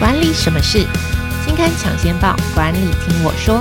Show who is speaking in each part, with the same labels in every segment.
Speaker 1: 管理什麼事？新刊搶先報，管理聽我說。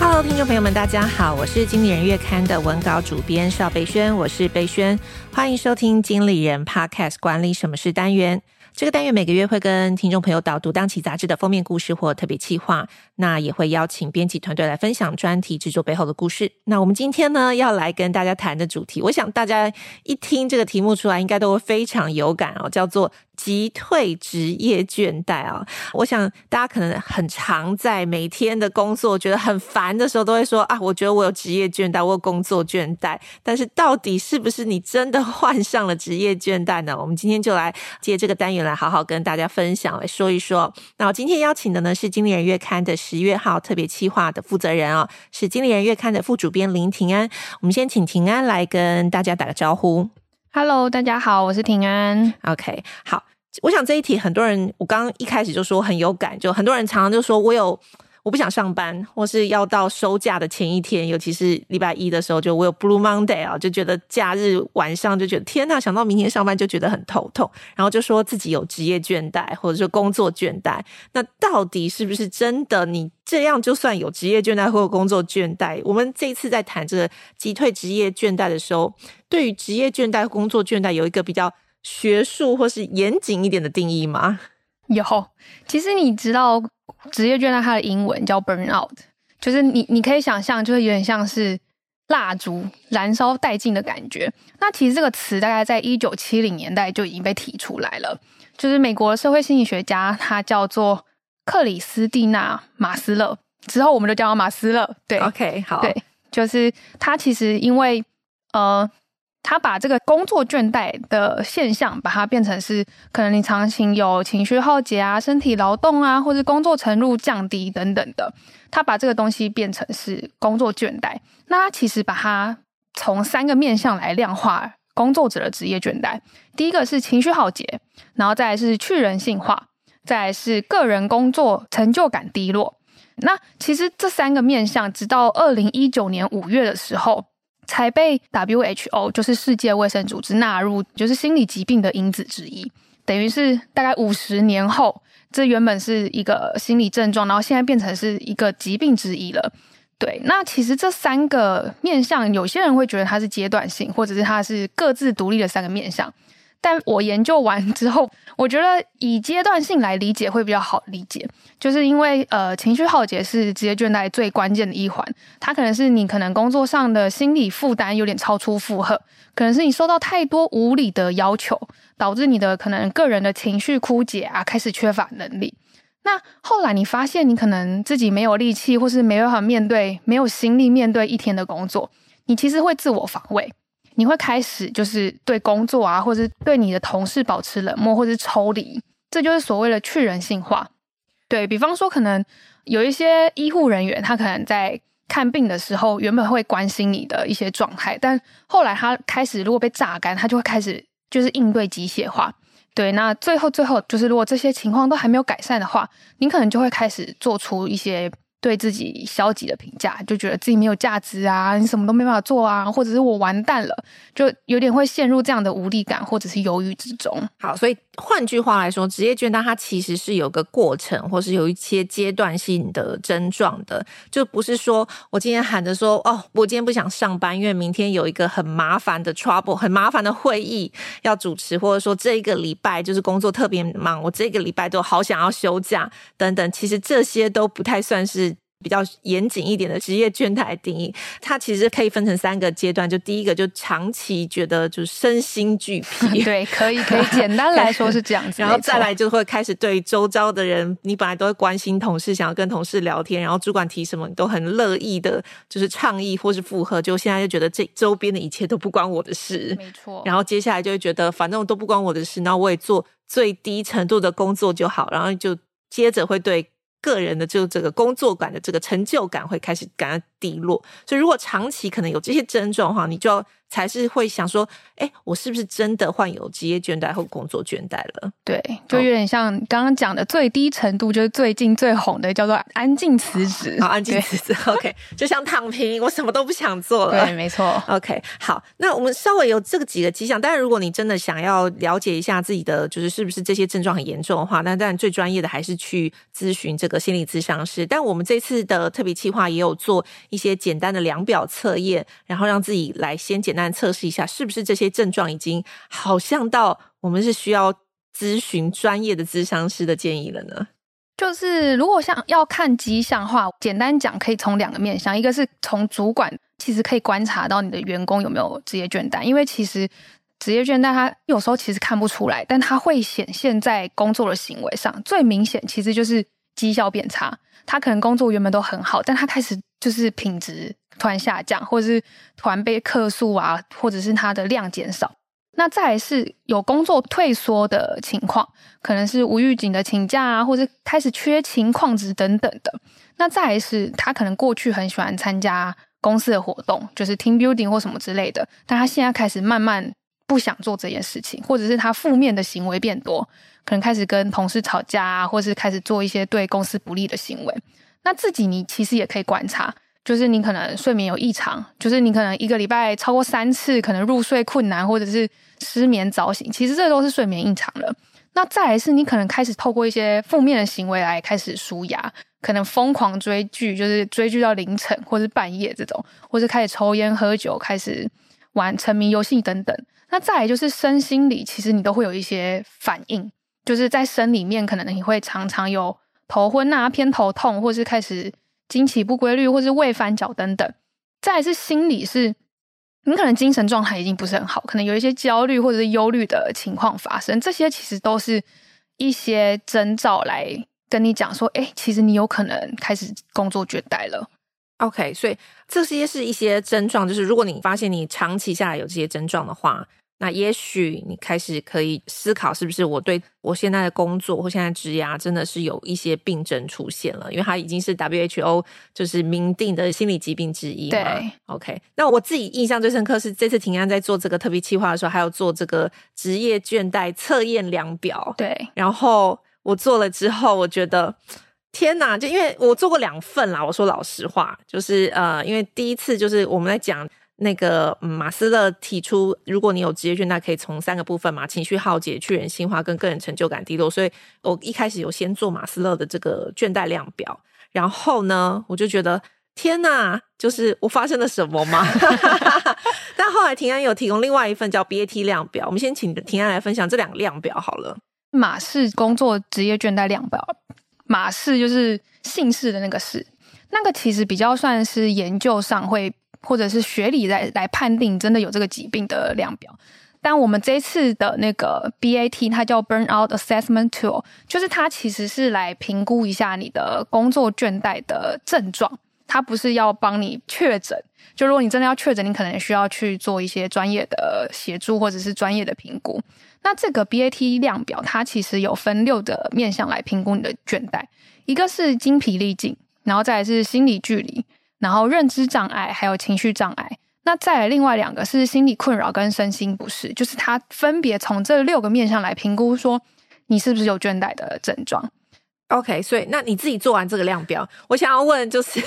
Speaker 1: Hello，聽眾朋友們，大家好，我是《經理人月刊》的文稿主編邵蓓宣，我是蓓宣，歡迎收聽《經理人 Podcast》管理什麼事單元。這個單元每個月會跟聽眾朋友導讀當期雜誌的封面故事或特別企劃，那也會邀請編輯團隊來分享專題製作背後的故事。那我們今天呢，要來跟大家談的主題，我想大家一聽這個題目出來，應該都會非常有感哦，叫做，擊退職業倦怠啊！我想大家可能很常在每天的工作覺得很煩的時候，都會說啊，我覺得我有職業倦怠，我有工作倦怠。但是到底是不是你真的患上了職業倦怠呢？我們今天就來藉這個單元，來好好跟大家分享，來說一說。那我今天邀請的呢是《經理人月刊》的十月號特別企劃的負責人啊，是《經理人月刊》的副主編林庭安。我們先請庭安來跟大家打個招呼。
Speaker 2: Hello，大家好，我是庭安。OK，好，
Speaker 1: 我想這一題很多人，我剛剛一開始就說很有感，就很多人常常就說，我有，我不想上班，或是要到收假的前一天，尤其是禮拜一的時候，就我有 Blue Monday 啊，就覺得假日晚上就覺得天吶，想到明天上班就覺得很頭痛，然後就說自己有職業倦怠，或者說工作倦怠，那到底是不是真的？你？這樣就算有職業倦怠，或工作倦怠。我們這一次在談這個擊退職業倦怠的時候，對於職業倦怠、工作倦怠有一個比較學術或是嚴謹一點的定義嗎？
Speaker 2: 有，其實你知道職業倦怠它的英文叫 burnout，就是你你可以想象，就是有點像是蠟燭燃燒殆盡的感覺。那其實這個詞大概在一九七零年代就已經被提出來了，就是美國社會心理學家，他叫做。克里斯蒂娜·馬斯勒，之後，我們就叫她馬斯勒。對，OK，好。對，就是她其實因為呃，她把這個工作倦怠的現象，把它變成是可能你長期有情緒耗竭啊、身體勞動啊，或是工作程度降低等等的。她把這個東西變成是工作倦怠。那她其實把它從三個面向來量化工作者的職業倦怠。第一個是情緒耗竭，然後再來是去人性化。再來是個人工作成就感低落，那其實這三個面向，直到二零一九年五月的時候，才被 WHO 就是世界衛生組織納入，就是心理疾病的因子之一，等於是大概五十年後，這原本是一個心理症狀，然後現在變成是一個疾病之一了。對，那其實這三個面向，有些人會覺得它是階段性，或者是它是各自獨立的三個面向。但我研究完之後，我覺得以階段性來理解會比較好理解，就是因為呃，情緒耗竭是職業倦怠最關鍵的一環，它可能是你可能工作上的心理負擔有點超出負荷，可能是你受到太多無理的要求，導致你的可能個人的情緒枯竭啊，開始缺乏能力。那後來你發現你可能自己沒有力氣，或是沒辦法面對，沒有心力面對一天的工作，你其實會自我防衛。你會開始就是對工作啊，或者對你的同事保持冷漠，或者是抽離，這就是所謂的去人性化。對，比方說，可能有一些醫護人員，他可能在看病的時候原本會關心你的一些狀態，但後來他開始如果被榨乾，他就會開始就是應對機械化。對，那最後最後就是如果這些情況都還沒有改善的話，你可能就會開始做出一些。對自己消極的評價，就覺得自己沒有價值啊，你什麼都沒辦法做啊，或者是我完蛋了，就有點會陷入這樣的無力感或者是憂鬱之中。
Speaker 1: 好，所以換句話來說，職業倦怠它其實是有個過程，或是有一些階段性的症狀的，就不是說我今天喊着說哦，我今天不想上班，因為明天有一個很麻煩的 trouble，很麻煩的會議要主持，或者說這一個禮拜就是工作特別忙，我這個禮拜都好想要休假等等，其實這些都不太算是。比較嚴謹一點的職業倦怠的定義，它其實可以分成三個階段。就第一個，就長期覺得就身心俱疲、嗯，對，可以
Speaker 2: 可以簡單來說是這樣 是然後再來
Speaker 1: 就會開始對周遭的人，沒錯。你本來都會關心同事，想要跟同事聊天，然後主管提什麼你都很樂意的，就是倡議或是附和。就現在就覺得這周邊的一切都不關我的事，嗯、沒錯。然後接下來就會覺得反正都不關我的事，然後我也做最低程度的工作就好。然後就接着會對。個人的就這個工作感的這個成就感會開始感到低落，所以如果長期可能有這些症狀的話，你就要。才是會想說，哎、欸，我是不是真的患有職業倦怠或工作倦怠了？
Speaker 2: 對，就有點像剛剛講的最低程度，就是最近最紅的叫做安“安靜辭職”。好，“安靜辭
Speaker 1: 職”。OK， 就像躺平，我什麼都不想做了。對，沒
Speaker 2: 錯。OK，好，
Speaker 1: 那我們稍微有這個幾個跡象。當然，如果你真的想要了解一下自己的，就是是不是這些症狀很嚴重的話，那當然最專業的還是去諮詢這個心理諮詢師。但我們這次的特別企劃也有做一些簡單的量表測驗，然後讓自己來先簡單。測試一下，是不是這些症狀已經好像到我們是需要諮詢專業的諮商師的建議了呢？
Speaker 2: 就是如果想要看跡象的話，簡單講可以從兩個面向，一個是從主管其實可以觀察到你的員工有沒有職業倦怠，因為其實職業倦怠他有時候其實看不出來，但他會顯現在工作的行為上，最明顯其實就是績效變差。他可能工作原本都很好，但他開始就是品質突然下降，或者是突然被客訴啊，或者是他的量減少。那再來是有工作退縮的情況，可能是無預警的請假啊，或者開始缺勤曠職等等的。那再來是他可能過去很喜歡參加公司的活動，就是 team building 或什麼之類的，但他現在開始慢慢不想做這件事情，或者是他負面的行為變多。可能開始跟同事吵架啊，或是開始做一些對公司不利的行為。那自己你其實也可以觀察，就是你可能睡眠有異常，就是你可能一個禮拜超過三次，可能入睡困難，或者是失眠早醒，其實這都是睡眠異常了。那再來是，你可能開始透過一些負面的行為來開始紓壓，可能瘋狂追劇，就是追劇到凌晨或者半夜這種，或者開始抽菸喝酒，開始玩沉迷遊戲等等。那再來就是身心理其實你都會有一些反應。就是在生理面，可能你會常常有頭昏啊、偏頭痛，或是開始經期不規律，或是胃翻腳等等。再是心理是，是你可能精神狀態已經不是很好，可能有一些焦慮或者是憂慮的情況發生。這些其實都是一些徵兆，來跟你講說，哎，其實你有可能開始工作倦怠了。OK，
Speaker 1: 所以這些是一些症狀，就是如果你發現你長期下來有這些症狀的話。那也許你開始可以思考，是不是我對我現在的工作或現在職業真的是有一些病症出現了？因為它已經是 WHO 就是明定的心理疾病之一。對，OK。那我自己印象最深刻是這次庭安在做這個特別企劃的時候，還有做這個職業倦怠測驗量表。對，然後我做了之後，我覺得天哪！就因為我做過兩份啦。我說老實話，就是呃，因為第一次就是我們在講。那個、嗯、馬斯勒提出，如果你有職業倦怠，可以從三個部分嘛：情緒耗竭、去人性化跟個人成就感低落。所以我一開始有先做馬斯勒的這個倦怠量表，然後呢，我就覺得天哪，就是我發生了什麼嗎？ 但後來庭安有提供另外一份叫 BAT 量表，我們先請庭安來分享這兩個量表好了。
Speaker 2: 馬氏工作職業倦怠量表，馬氏就是姓氏的那個氏，那個其實比較算是研究上會或者是學理來來判定真的有這個疾病的量表，但我們這一次的那個 BAT 它叫 Burnout Assessment Tool，就是它其實是來評估一下你的工作倦怠的症狀，它不是要幫你確診。就如果你真的要確診，你可能需要去做一些專業的協助或者是專業的評估。那這個 BAT 量表它其實有分六的面向來評估你的倦怠，一個是精疲力盡，然後再來是心理距離。然後認知障礙，還有情緒障礙，那再來另外兩個是心理困擾跟身心不適，就是它分別從這六個面向來評估，說你是不是有倦怠的症狀。
Speaker 1: OK，所以那你自己做完這個量表，我想要問就是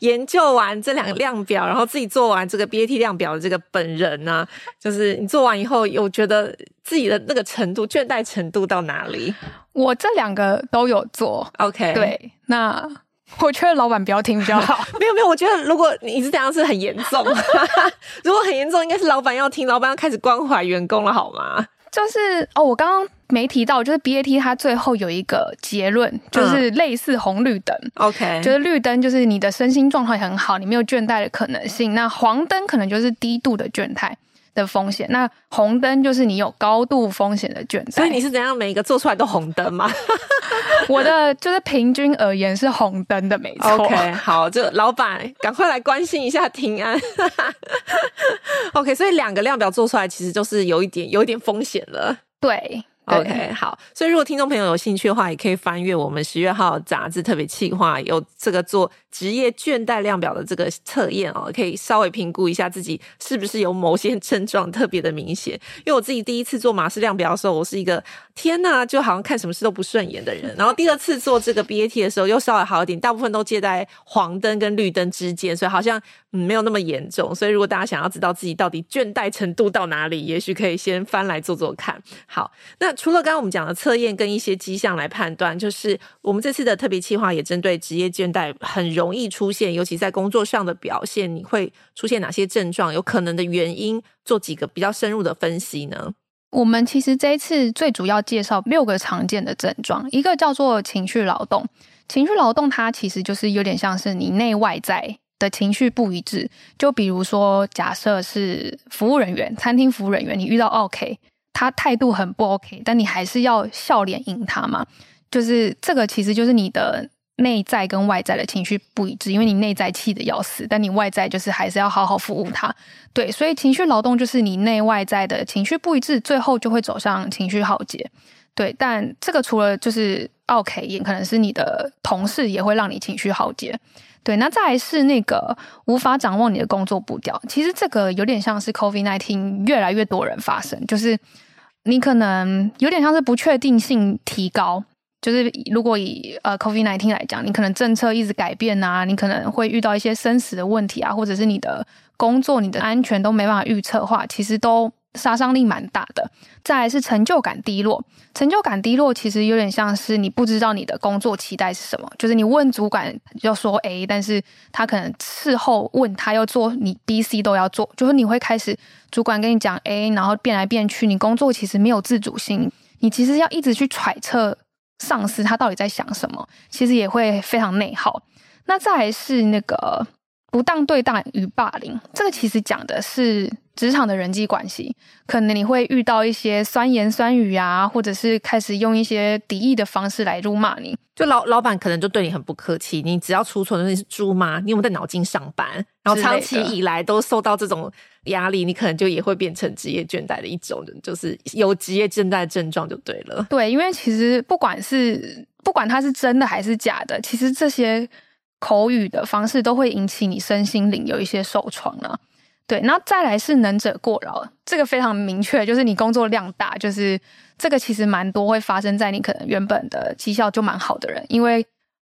Speaker 1: 研究完這兩個量表，然後自己做完這個 BAT 量表的這個本人呢，就是你做完以後有覺得自己的那個程度倦怠程度到哪裡？
Speaker 2: 我這兩個都有做，OK，對，那。我覺得老板，不要聽比較好。 沒有沒有，我覺得
Speaker 1: 如果你是這樣是，是很嚴重， 如果很嚴重，應該是老板要聽，老板要開始關懷員工了，好嗎？
Speaker 2: 就是哦，我剛剛沒提到，就是 BAT 它最後有一個結論，就是類似紅綠燈、嗯。OK，就是綠燈就是你的身心狀態很好，你沒有倦怠的可能性。那黃燈可能就是低度的倦怠的風險，那紅燈就是你有高度風險的倦怠。所以你是
Speaker 1: 怎樣，每一個做出來都紅燈嗎？
Speaker 2: 我的就是平均而言是紅燈的，沒錯。O Okay . K，
Speaker 1: 好，就老板，趕快來關心一下庭安。 o、okay, K，所以兩個量表做出來，其實就是有一點，有一點風險了。
Speaker 2: 對。OK，對
Speaker 1: 好，所以如果聽眾朋友有興趣的話，也可以翻閱我們十月號雜誌特別企劃，有這個做職業倦怠量表的這個測驗哦，可以稍微評估一下自己是不是有某些症狀特別的明顯。因為我自己第一次做馬氏量表的時候，我是一個天吶，就好像看什麼事都不順眼的人。然後第二次做這個 BAT 的時候，又稍微好一點，大部分都介在黃燈跟綠燈之間，所以好像嗯沒有那麼嚴重。所以如果大家想要知道自己到底倦怠程度到哪裡，也許可以先翻來做做看。好，那。除了剛剛我們講的測驗跟一些跡象來判斷，就是我們這次的特別企畫也針對職業倦怠很容易出現，尤其在工作上的表現，你會出現哪些症狀？有可能的原因，做幾個比較深入的分析呢？
Speaker 2: 我們其實這一次最主要介紹六個常見的症狀，一個叫做情緒勞動。情緒勞動它其實就是有點像是你內外在的情緒不一致，就比如說假設是服務人員，餐廳服務人員，你遇到 OK。他態度很不 OK，但你還是要笑臉迎他嘛？就是這個，其實就是你的內在跟外在的情緒不一致，因為你內在氣得要死，但你外在就是還是要好好服務他。對，所以情緒勞動就是你內外在的情緒不一致，最後就會走向情緒耗竭。對，但這個除了就是 OK，也可能是你的同事也會讓你情緒耗竭。對，那再來是那個無法掌握你的工作步調，其實這個有點像是 COVID-19，越來越多人發生，就是你可能有點像是不確定性提高，就是如果以呃 COVID-19 來講，你可能政策一直改變啊，你可能會遇到一些生死的問題啊，或者是你的工作、你的安全都沒辦法預測化，其實都。殺傷力蠻大的，再來是成就感低落。成就感低落其實有點像是，你不知道你的工作期待是什麼，就是你問主管要說 A，欸，但是他可能事後問他要做你 B、C 都要做，就是你會開始主管跟你講 A，欸，然後變來變去，你工作其實沒有自主性，你其實要一直去揣測上司他到底在想什麼，其實也會非常內耗。那再來是那個。不當對待與霸凌，這個其實講的是職場的人際關係，可能你會遇到一些酸言酸語啊，或者是開始用一些敵意的方式來辱罵你。
Speaker 1: 就老老闆可能就對你很不客氣，你只要出錯，你是豬嗎？你有沒有在腦筋上班？然後長期以來都受到這種壓力，你可能就也會變成職業倦怠的一種，就就是有職業倦怠的症狀就對了。
Speaker 2: 對，因為其實不管是不管它是真的還是假的，其實這些。口語的方式都會引起你身心靈有一些受創了，啊，對。那再來是能者過勞，這個非常明確，就是你工作量大，就是這個其實蠻多會發生在你可能原本的績效就蠻好的人，因為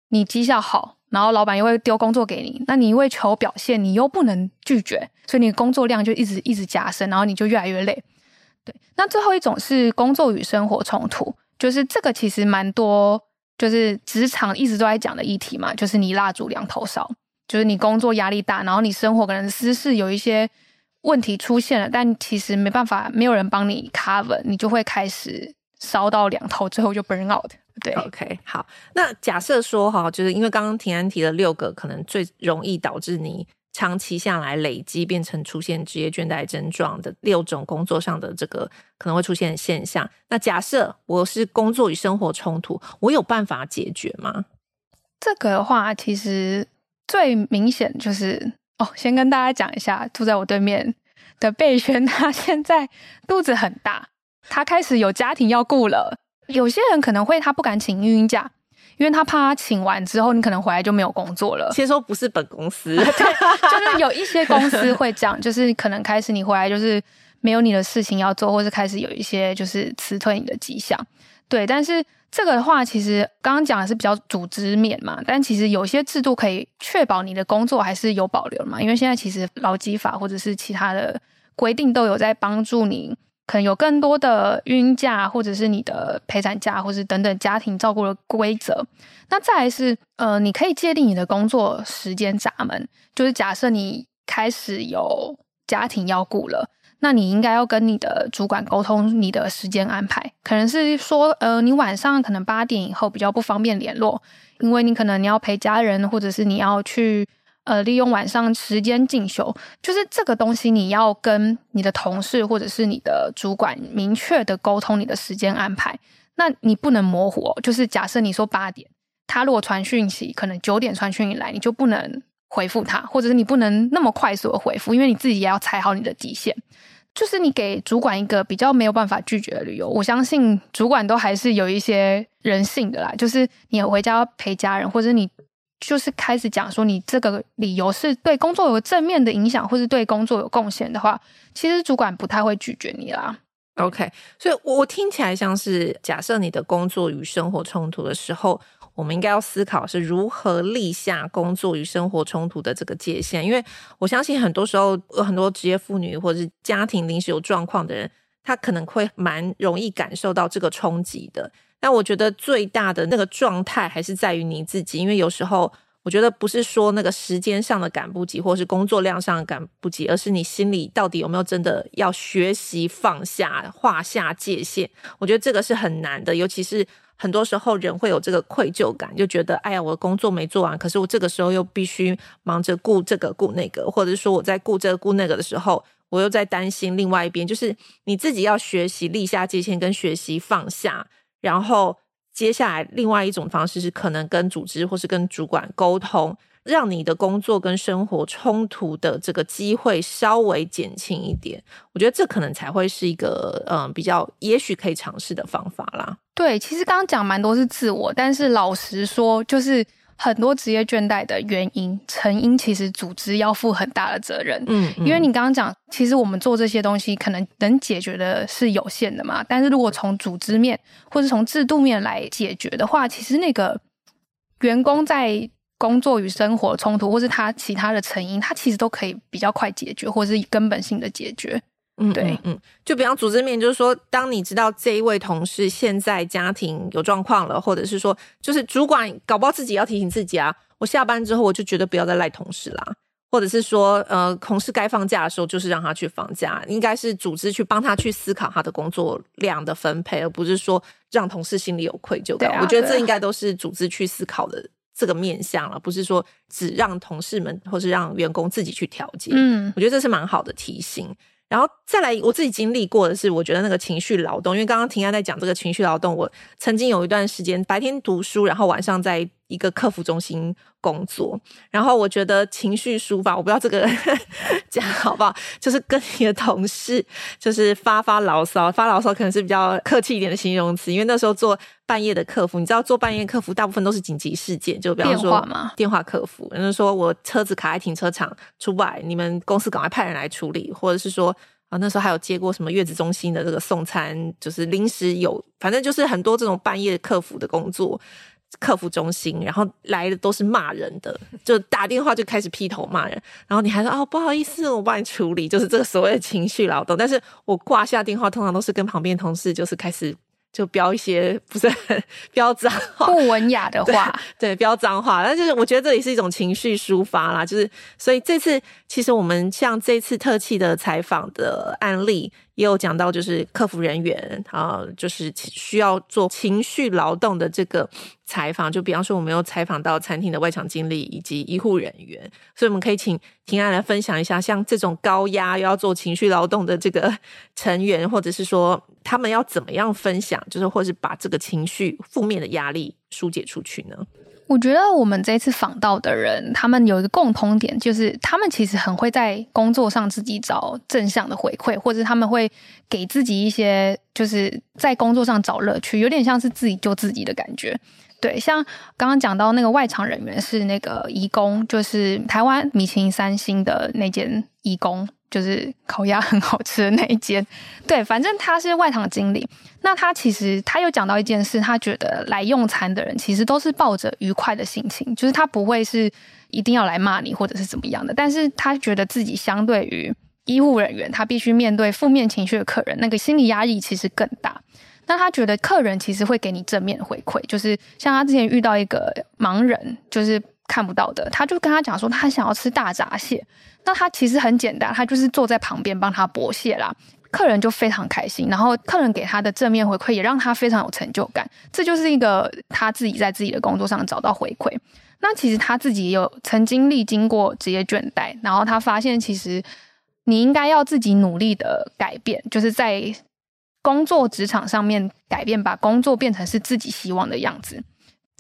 Speaker 2: 你績效好，然後老板又會丟工作給你，那你為求表現，你又不能拒絕，所以你工作量就一直一直加深，然後你就越來越累。對。那最後一種是工作與生活衝突，就是這個其實蠻多。就是職場一直都在講的議題嘛，就是你蠟燭兩頭燒，就是你工作壓力大，然後你生活可能私事有一些問題出現了，但其實沒辦法，沒有人幫你 cover，你就會開始燒到兩頭，最後就 burn out，對。OK，好，
Speaker 1: 那假設說哈，就是因為剛剛庭安提了六個可能最容易導致你。長期下來累積，變成出現職業倦怠症狀的六種工作上的這個可能會出現現象。那假設我是工作與生活衝突，我有辦法解決嗎？
Speaker 2: 這個的話，其實最明顯就是哦，先跟大家講一下，住在我對面的蓓宣，他現在肚子很大，他開始有家庭要顧了。有些人可能會他不敢請育嬰假，因為他怕他請完之後，你可能回來就沒有工作了。先說
Speaker 1: 不是本公司、 啊，就是有一些公司會
Speaker 2: 這樣，就是可能開始你回來就是沒有你的事情要做，或者開始有一些就是辭退你的跡象。對，但是這個的話其實剛剛講的是比較組織面嘛，但其實有些制度可以確保你的工作還是有保留嘛，因為現在其實勞基法或者是其他的規定都有在幫助你。可能有更多的孕假，或者是你的陪產假，或者是等等家庭照顧的規則。那再來是，呃，你可以界定你的工作時間閘門。就是假設你開始有家庭要顧了，那你應該要跟你的主管溝通你的時間安排。可能是說，呃，你晚上可能八點以後比較不方便聯絡，因為你可能你要陪家人，或者是你要去。呃，利用晚上時間進修，就是這個東西，你要跟你的同事或者是你的主管明確的溝通你的時間安排。那你不能模糊，就是假設你說八點，他如果傳訊息，可能九點傳訊以來，你就不能回復他，或者是你不能那麼快速的回復，因為你自己也要踩好你的底線。就是你給主管一個比較沒有辦法拒絕的理由，我相信主管都還是有一些人性的啦。就是你回家要陪家人，或者你。就是開始講說，你這個理由是對工作有正面的影響，或是對工作有貢獻的話，其實主管不太會拒絕你啦。
Speaker 1: OK，所以，我我聽起來像是，假設你的工作與生活衝突的時候，我們應該要思考是如何立下工作與生活衝突的這個界限，因為我相信很多時候，很多職業婦女或者是家庭臨時有狀況的人，她可能會蠻容易感受到這個衝擊的。但我覺得最大的那個狀態還是在於你自己，因為有時候我覺得不是說那個時間上的趕不及，或是工作量上的趕不及，而是你心裡到底有沒有真的要學習放下、劃下界限。我覺得這個是很難的，尤其是很多時候人會有這個愧疚感，就覺得哎呀，我的工作沒做完，可是我這個時候又必須忙着顧這個顧那個，或者是說我在顧這個顧那個的時候，我又在擔心另外一邊，就是你自己要學習立下界限，跟學習放下。然後，接下來另外一種方式是，可能跟組織或是跟主管溝通，讓你的工作跟生活衝突的這個機會稍微減輕一點。我覺得這可能才會是一個，嗯、呃，比較也許可以嘗試的方法啦。
Speaker 2: 對，其實剛剛講蠻多是自我，但是老實說，就是。很多職業倦怠的原因，成因其實組織要負很大的責任。嗯，嗯，因為你剛剛講，其實我們做這些東西，可能能解決的是有限的嘛。但是如果從組織面或是從制度面來解決的話，其實那個員工在工作與生活衝突，或是他其他的成因，他其實都可以比較快解決，或是根本性的解決。嗯，對，嗯，
Speaker 1: 就比方組織面，就是說，當你知道這一位同事現在家庭有狀況了，或者是說，就是主管搞不好自己要提醒自己啊，我下班之後我就覺得不要再賴同事啦，或者是說，呃，同事該放假的時候就是讓他去放假，應該是組織去幫他去思考他的工作量的分配，而不是說讓同事心裡有愧疚感。對啊，對啊。我覺得這應該都是組織去思考的這個面向了，不是說只讓同事們或是讓員工自己去調節。嗯，我覺得這是蠻好的提醒。然後再來，我自己經歷過的是，我覺得那個情緒勞動，因為剛剛婷安在講這個情緒勞動，我曾經有一段時間白天讀書，然後晚上在。一個客服中心工作，然後我覺得情緒抒發，我不知道這個講好不好，就是跟你的同事就是發發牢騷，發牢騷可能是比較客氣一點的形容詞，因為那時候做半夜的客服，你知道做半夜客服大部分都是緊急事件，就比方說電話客服，人家說我車子卡在停車場出不來，你們公司趕快派人來處理，或者是說啊那時候還有接過什麼月子中心的這個送餐，就是臨時有，反正就是很多這種半夜客服的工作。客服中心，然後來的都是罵人的，就打電話就開始劈頭罵人，然後你還說哦，不好意思，我幫你處理，就是這個所謂的情緒勞動。但是我掛下電話，通常都是跟旁邊同事，就是開始就飆一些不是很飆髒不文雅的話，對，飆髒話。那就是我覺得這也是一種情緒抒發啦，就是所以這次其實我們像這次特企的採訪的案例。也有講到，就是客服人員啊，就是需要做情緒勞動的這個採訪。就比方說，我們有採訪到餐廳的外場經理以及醫護人員，所以我們可以請庭安來分享一下，像這種高壓又要做情緒勞動的這個成員，或者是說他們要怎麼樣分享，就是或者是把這個情緒負面的壓力疏解出
Speaker 2: 去呢？我覺得我們這次訪到的人，他們有一個共通點，就是他們其實很會在工作上自己找正向的回饋，或者他們會給自己一些，就是在工作上找樂趣，有點像是自己救自己的感覺。對，像剛剛講到那個外場人員是那個義工，就是台灣米其林三星的那間義工。就是烤鴨很好吃的那一間，對，反正他是外場經理。那他其實他有講到一件事，他覺得來用餐的人其實都是抱着愉快的心情，就是他不會是一定要來罵你或者是怎麼樣的。但是他覺得自己相對於醫護人員，他必須面對負面情緒的客人，那個心理壓力其實更大。那他覺得客人其實會給你正面回饋，就是像他之前遇到一個盲人，就是。看不到的，他就跟他講說他想要吃大閘蟹，那他其實很簡單，他就是坐在旁邊幫他剝蟹啦。客人就非常開心，然後客人給他的正面回饋也讓他非常有成就感。這就是一個他自己在自己的工作上找到回饋。那其實他自己也有曾經歷經過職業倦怠，然後他發現其實你應該要自己努力的改變，就是在工作職場上面改變，把工作變成是自己希望的樣子。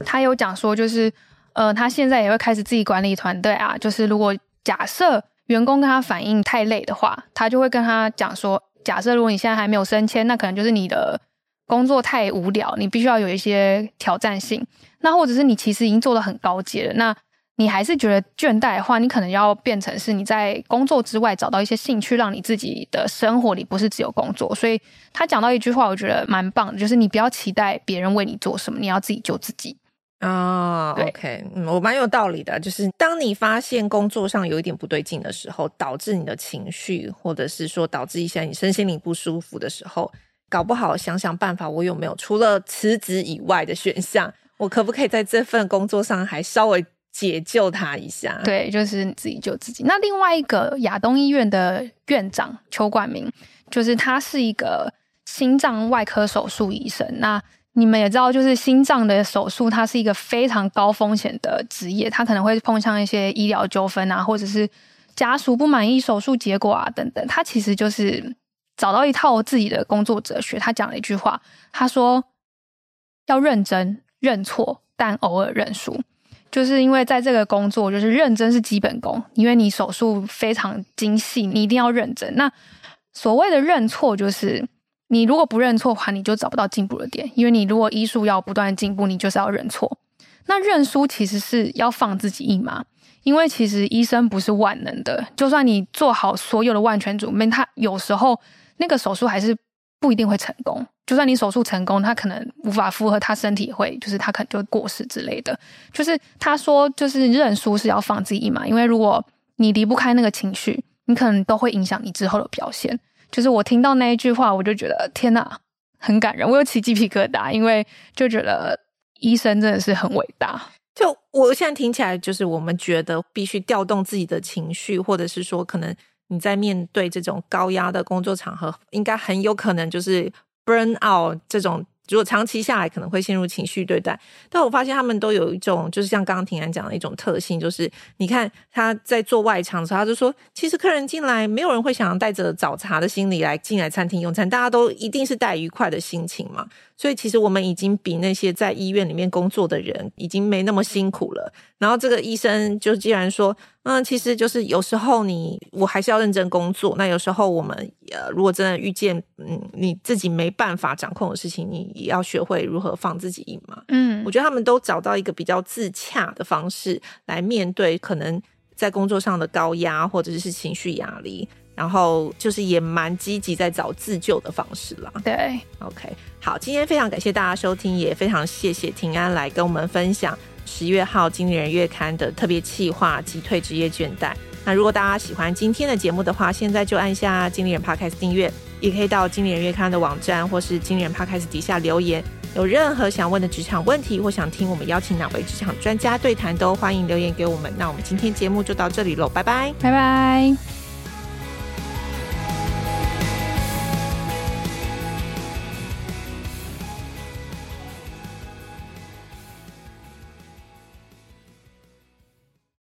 Speaker 2: 他有講說就是。呃，他現在也會開始自己管理團隊啊。就是如果假設員工跟他反應太累的話，他就會跟他講說：假設如果你現在還沒有升遷，那可能就是你的工作太無聊，你必須要有一些挑戰性。那或者是你其實已經做得很高階了，那你還是覺得倦怠的話，你可能要變成是你在工作之外找到一些興趣，讓你自己的生活裡不是只有工作。所以他講到一句話，我覺得蠻棒的，就是你不要期待別人為你做什麼，你要自己救自己。
Speaker 1: 啊、oh，OK，對嗯，我蠻有道理的，就是當你發現工作上有一點不對勁的時候，導致你的情緒，或者是說導致一下你身心裡不舒服的時候，搞不好想想辦法，我有沒有除了辭職以外的選項？我可不可以在這份工作上還稍微解救他一下？對，就
Speaker 2: 是你自己救自己。那另外一個亞東醫院的院長邱冠明，就是他是一個心臟外科手術醫生，那，你們也知道，就是心臟的手術，它是一個非常高風險的職業，它可能會碰上一些醫療糾紛啊，或者是家屬不滿意手術結果啊等等。他其實就是找到一套自己的工作哲學。他講了一句話，他說：“要認真認錯，但偶爾認輸，就是因為在這個工作，就是認真是基本功，因為你手術非常精細，你一定要認真。那所謂的認錯，就是。”你如果不認錯的話，你就找不到進步的點。因為你如果醫術要不斷進步，你就是要認錯。那認輸其實是要放自己一馬，因為其實醫生不是萬能的。就算你做好所有的萬全準備，他有時候那個手術還是不一定會成功。就算你手術成功，他可能無法符合他身體，會就是他可能就過世之類的。就是他說，就是認輸是要放自己一馬，因為如果你離不開那個情緒，你可能都會影響你之後的表現。就是我聽到那一句話，我就覺得天哪，很感人，我又起雞皮疙瘩，因為就覺得醫生真的是很偉大。
Speaker 1: 就我現在聽起來，就是我們覺得必須調動自己的情緒，或者是說，可能你在面對這種高壓的工作場合，應該很有可能就是 burn out 這種。如果長期下來可能會陷入情緒對待，但我發現他們都有一種，就是像剛剛庭安講的一種特性，就是你看他在做外場的時候，他就說，其實客人進來沒有人會想要帶着找茬的心理來進來餐廳用餐，大家都一定是帶愉快的心情嘛，所以其實我們已經比那些在醫院裡面工作的人已經沒那麼辛苦了。然後這個醫生就既然說，嗯，其實就是有時候你我還是要認真工作。那有時候我們呃，如果真的遇見嗯，你自己沒辦法掌控的事情，你也要學會如何放自己一馬。嗯，我覺得他們都找到一個比較自洽的方式來面對可能在工作上的高壓或者是情緒壓力，然後就是也蠻積極在找自救的方式啦。
Speaker 2: 對，OK，
Speaker 1: 好，今天非常感謝大家收聽，也非常謝謝庭安來跟我們分享。十月號《經理人月刊》的特別企劃“擊退職業倦怠”。那如果大家喜歡今天的節目的話，現在就按下《經理人 Podcast》訂閱，也可以到《經理人月刊》的網站或是《經理人 Podcast》底下留言。有任何想問的職場問題，或想聽我們邀請哪位職場專家對談，都歡迎留言給我們。那我們今天節目就到這裡嘍，拜拜，拜
Speaker 2: 拜。